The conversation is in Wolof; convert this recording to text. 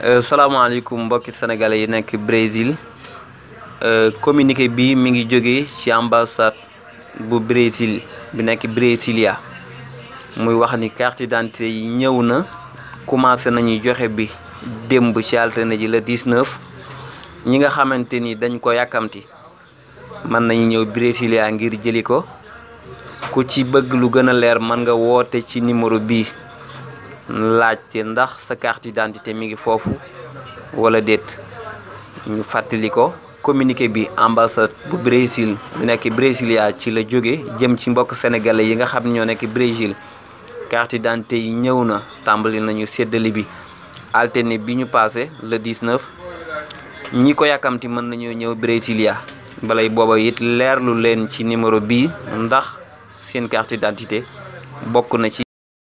Euh, salaamaaleykum mbokki sénégalais yi nekk Brésil euh, communiqué bi mi ngi jóge ci ambassade bu Brésil bi nekk Brasilia muy wax ni carte d'identité yi ñëw na commencé nañuy joxe bi démb ci alterné ji le 19 ñi nga xamante ni dañ ko yàkkamti mën nañu ñëw Brasilia ngir jëli ko ku ci bëgg lu gën a leer mën nga woote ci numéro bii. laajte ndax sa carte d'identité mi ngi foofu wala déet ñu fàttali ko communiqué bi ambassade bu Brésil bu nekk Brasilia ci la jóge jëm ci mbokk sénégalais yi nga xam ne ñoo nekk Brésil carte d'identité yi ñëw na tàmbali nañu séddali bi alterné bi ñu paasé le 19 ñi ko yàkkamti mën nañoo ñëw Brasilia balay booba it leerlu leen ci numéro bii ndax seen carte d'identité bokk na ci